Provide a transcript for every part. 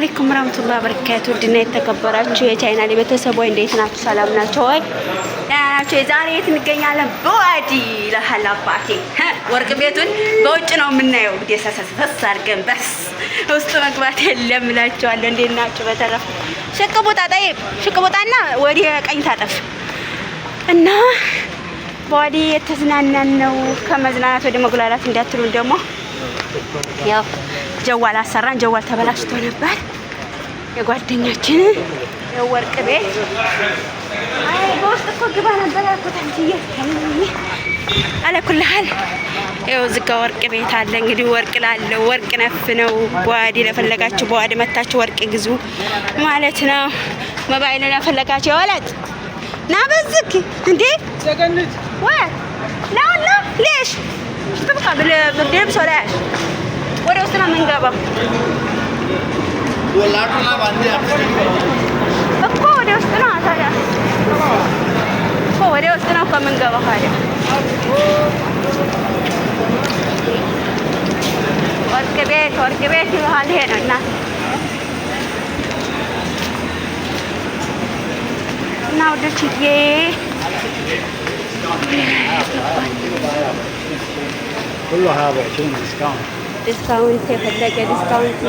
አለይኩም ወራህመቱላሂ ወበረካቱ። ውድና የተከበራችሁ የቻይናሌ ቤተሰቦች እንዴት ናችሁ? ሰላም ናችሁ ወይ? ናችሁ? የዛሬ የት እንገኛለን? በዋዲ ለሀላባቴ ወርቅ ቤቱን በውጭ ነው የምናየው። እንግዲህ አድርገን በስ ውስጥ መግባት የለም እላቸዋለሁ። እንዴት ናችሁ? በተረፈ ሽቅቡጣ ጠይብ ሽቅቡጣና ወዲህ ቀኝ ታጠፍ እና በዋዲ የተዝናናን ነው። ከመዝናናት ወደ መጉላላት እንዳትሉን ደግሞ ያው ጀዋል አሰራን። ጀዋል ተበላሽቶ ነበር። የጓደኛችን የወርቅ ቤት አይ በውስጥ እኮ ግባ ነበር ያልኩት አንቺዬ አለኩልሃል። ይኸው እዚህ ጋ ወርቅ ቤት አለ። እንግዲህ ወርቅ ላለው ወርቅ ነፍ ነው። በዋዲ ለፈለጋችሁ በዋዲ መታችሁ ወርቅ ግዙ ማለት ነው። ሞባይል ለፈለጋችሁ የወለጥ ና በዝክ እንዴ ዘገንት ወይ ለሁሉ ሌሽ ትብቃ ብለ ብደብ ሶላሽ ወደ ውስጥ ነው የምንገባው እኮ ወደ ውስጥ ነው ታዲያ እኮ ወደ ውስጥ ነው እኮ የምንገባው ታዲያ ወርቅ ቤት ወርቅ ቤት ይልሃል ይሄ ነው እና እና ውዶችዬ كلها ب 20 ديسكاونت ዲስካውንት የፈለገ ዲስካውንት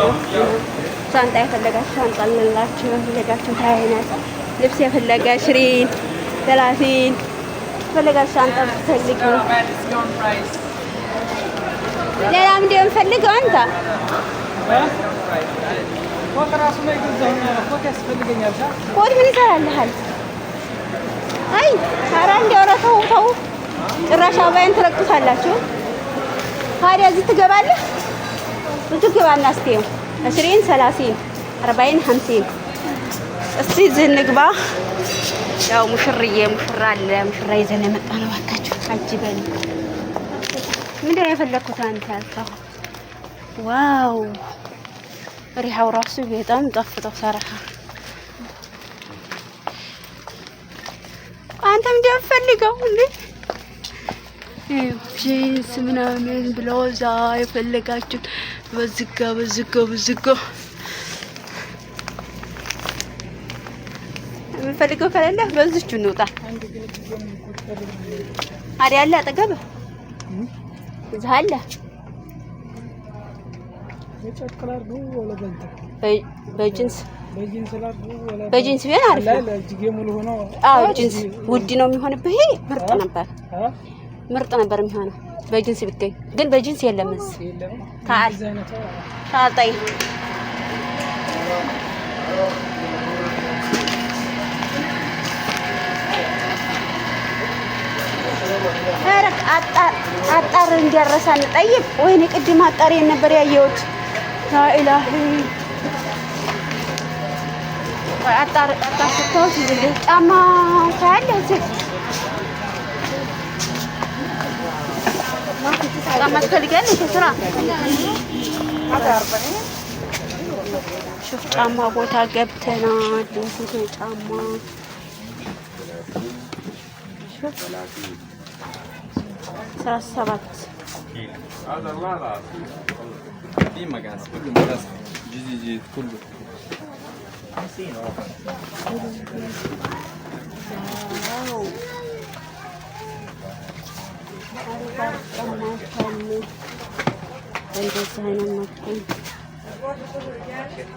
ሻንጣ የፈለጋችሁ ሻንጣ ልንላችሁ የፈለጋችሁ አይነት ልብስ የፈለገ ሽሪን ተላፊን የፈለጋችሁ ሻንጣ ብትፈልጊ ሌላም እንዲሁ የምፈልገው አንተ ኮት ምን ይሰራልሃል? አይ ኧረ እንደው ኧረ ተው ተው፣ ጭራሽ አበባዬን ትረግጡታላችሁ። ታዲያ እዚህ ትገባለህ? ብዙ ግባና እስቲ አስሪን፣ ሰላሲን፣ አርባይን፣ ሀምሲን እስቲ እዚህ እንግባ። ያው ሙሽርዬ ሙሽራ አለ ሙሽራ ይዘን የመጣ ነው። እባካችሁ አጅበን ምንድን ነው የፈለግኩት አንተ ያልከው? ዋው ሪሃው ራሱ በጣም ጠፍጠው ሰራ። አንተም እንደምፈልገው እንዴ ጂንስ ምናምን ብለውዛ የፈለጋችሁት በዝጋ በዝጋ በዝጋ የምንፈልገው ከሌለ በዝቹ እንውጣ። አዲ አለ አጠገብ እዚህ አለ ቢሆን አሪፍ ነው። ውድ ነው የሚሆንብህ። ምርጥ ነበር። ምርጥ ነበር የሚሆነው በጅንስ ቢገኝ፣ ግን በጅንስ የለም። እዚህ ታል ታልጣይ ፈረቅ አጣር አጣር እንዲያረሳን ጠይቅ። ወይኔ ቅድም አጣር ነበር ያየሁት። ላኢላሂ አጣር አጣር ስታውስ ጫማ ታያለህ ሹፍ ጫማ ቦታ ገብተናል። ንጉሴ ጫማ አስራ ሰባት ዋው እንደዚህ አይነት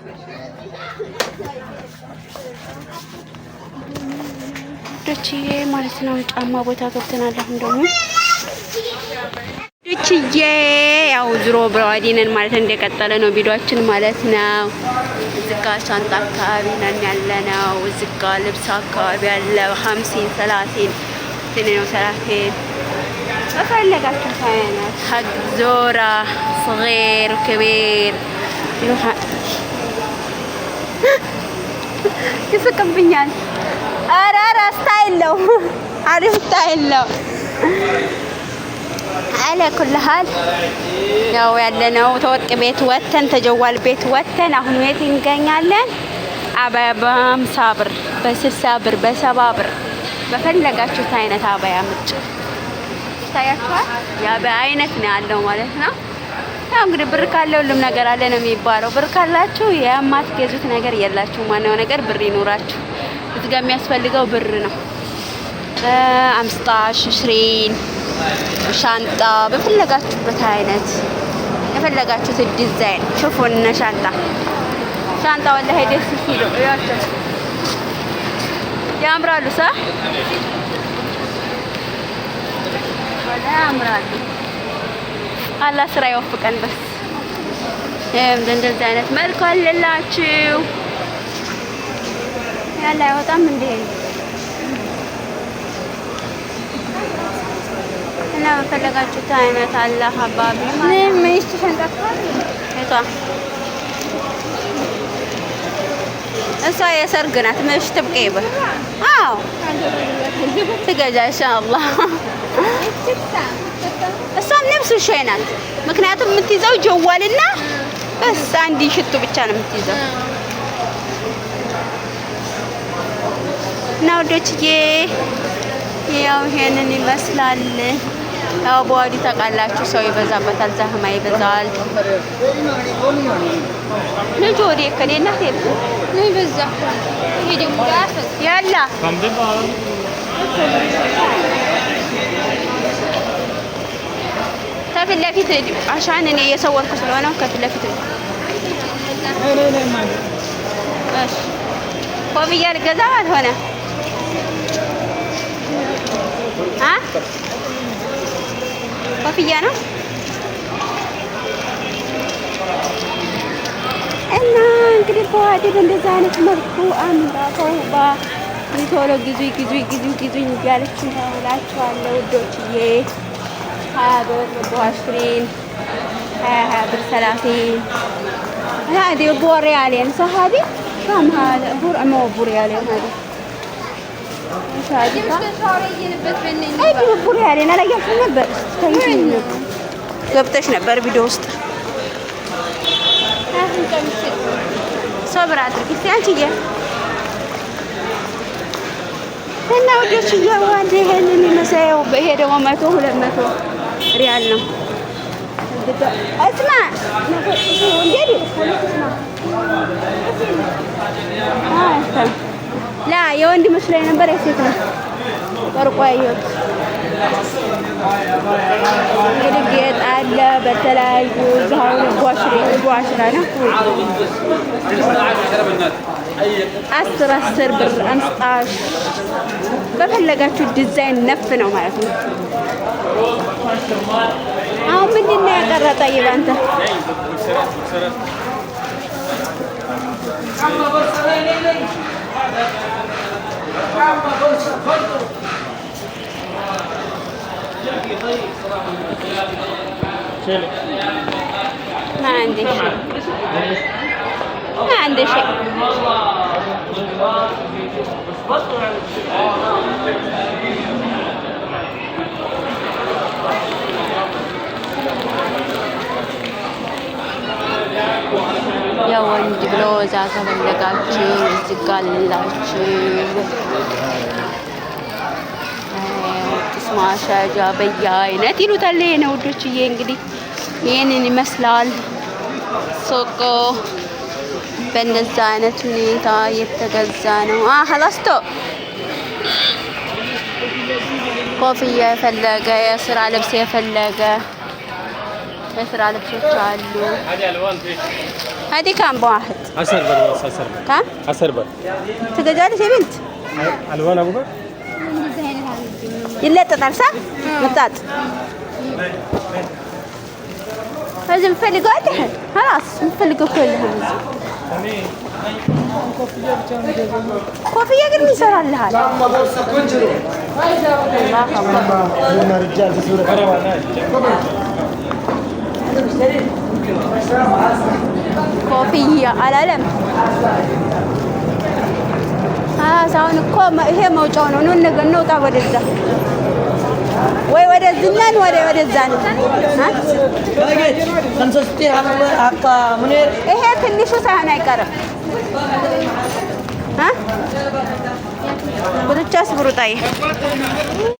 መልኩ ዶችዬ ማለት ነው። ጫማ ቦታ ገብተናል። አሁን ደግሞ ዶችዬ ያው ዝሮ ብራዋዲነን ማለት እንደቀጠለ ነው ቪዲዮአችን ማለት ነው። እዚጋ ሻንጣ አካባቢ ነን ያለ ነው። እዚጋ ልብስ አካባቢ ያለ ሀምሲን ሰላሴን ትንነው ሰላሴን በፈለጋችሁ አይነት ሀቅ ዞራ ሰገር ከቤር ይስቅብኛል። ኧረ ኧረ ስታይል ነው፣ አሪፍ ስታይል ነው። አለ ኩል ሀል ያው ያለነው ተወርቅ ቤት ወተን ተጀዋል ቤት ወተን አሁን የት እንገኛለን። አባያ በሀምሳ ብር፣ በስልሳ ብር፣ በሰባ ብር በፈለጋችሁት አይነት አባያ ምጭ ይታያችኋል። ያ በአይነት ነው ያለው ማለት ነው። ያው እንግዲህ ብር ካለ ሁሉም ነገር አለ ነው የሚባለው። ብር ካላችሁ የማትገዙት ነገር የላችሁም። ማነው ነገር ብር ይኖራችሁ። እዚህ ጋር የሚያስፈልገው ብር ነው። አምስጣ፣ ሽሽሪን ሻንጣ በፈለጋችሁበት አይነት የፈለጋችሁት ዲዛይን ሽፎንና ሻንጣ ሻንጣ ወላሂ ደስ ሲሉ ያምራሉ ሳ አላህ ስራ ይወፍቀን። በስ ይሄም እንደዚህ አይነት መልኩ አለላችሁ። ያለ አይወጣም እንዴ እና በፈለጋችሁት አይነት አላህ አባቢ ምን ምንሽ ተንቀፋል እቷ እሷ የሰርግ ናት። ምንሽ ትብቀይበ አዎ ትገዛ ኢንሻአላህ እሷም ነብስ ሾይ ናት። ምክንያቱም የምትይዘው ጀዋልና በስ አንድ ሽቱ ብቻ ነው የምትይዘው። እና ወዶችዬ ያው ይሄንን ይመስላል። ያው በዋዲ ታውቃላችሁ፣ ሰው ይበዛበታል፣ ዛህማ ይበዛል። ልጅ ወዴ ከዴና ሄድ ነው ይበዛ ይሄ ደግሞ ያላ ከፊት ለፊት አሻን እኔ እየሰወርኩ ስለሆነ ከፊት ለፊት ነው። እሺ ኮብያ ልገዛ አልሆነ አ ኮፍያ ነው እና እንግዲህ በዋዴብ እንደዛ አይነት መልኩ አምላከው ቶሎ ግዙኝ ግዙኝ ግዙኝ ግዙኝ እያለች ነው እላችኋለሁ ውዶችዬ። ሀያ ብር ቦ አሽሪን ሀያ ሀያ ብር ሰላፊን هذه بو ريالين صح هذه كم هذا بو مو بو ريالين هذه هذه بو ريالين انا جبت نبر ገብተሽ ነበር ቪዲዮ ውስጥ ሶብር አድርጊ እስኪ አንቺዬ እና ወዲያች እያዋ ይሄንን ይመስለው ይሄ ደግሞ መቶ ሁለት መቶ በዓል ነው። እስማ ላ የወንድ መስሎኝ ነበር የሴት ነው። ቆርቋ ያየሁት እንግዲህ አለ በተለያዩ ዛሁን ጓሽራ ነው አስር አስር ብር አምስጣሽ በፈለጋችሁ ዲዛይን ነፍ ነው ማለት ነው። አሁን ምንድን ነው ያቀረ ጠይብ Maandeshe. Maandeshe. ያው ወንድ ብሎ እዛ ከፈለጋችሁ እዚህ ጋር ላችሁ ማሳጃ በየአይነት ይሉታል የኔ ውዶችዬ። እንግዲህ ይህንን ይመስላል ሱቁ። በእንደዛ አይነት ሁኔታ የተገዛ ነው። ሀላስቶ ኮፍያ የፈለገ የስራ ልብስ የፈለገ የስራ ልብሶች አሉ። ሀዲካም በዋህድ አሰርበር ትገዛለች የቤንት ይለጠጣል። ሳ ምጣጥ እዚህ የምፈልገው አይደል? ሀላስ የምፈልገው እኮ የለህም። ኮፍያ ግን ይሰራልሃል። ኮፍያ አላለም። አሁን እኮ ይሄ መውጫው ነው። እንውጣ ወደዛ ወይ ወደዝኛን ወደ ወደዛን ይሄ ትንሹ ሳህን አይቀርም። ብሩቻስ ብሩጣዬ